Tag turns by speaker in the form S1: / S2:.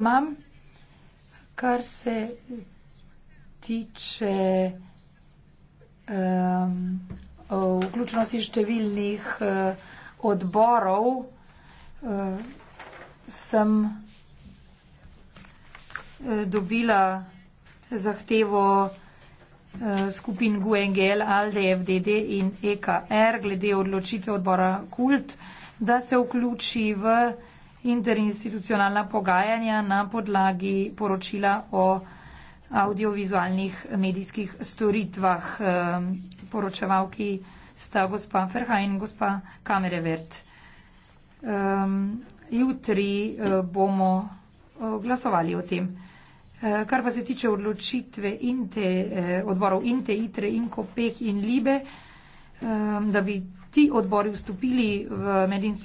S1: imam, kar se tiče um, vključnosti številnih uh, odborov, uh, sem uh, dobila zahtevo uh, skupin GUNGL, ALDE, FDD in EKR glede odločitve odbora KULT, da se vključi v uh, interinstitucionalna pogajanja na podlagi poročila o audiovizualnih medijskih storitvah. Poročevalki sta gospa Ferha in gospa Kamerevert. Jutri e, bomo e, glasovali o tem. E, kar pa se tiče odločitve INTE, odborov INTE, ITRE, INKOPEH in LIBE, da bi ti odbori vstopili
S2: v medijski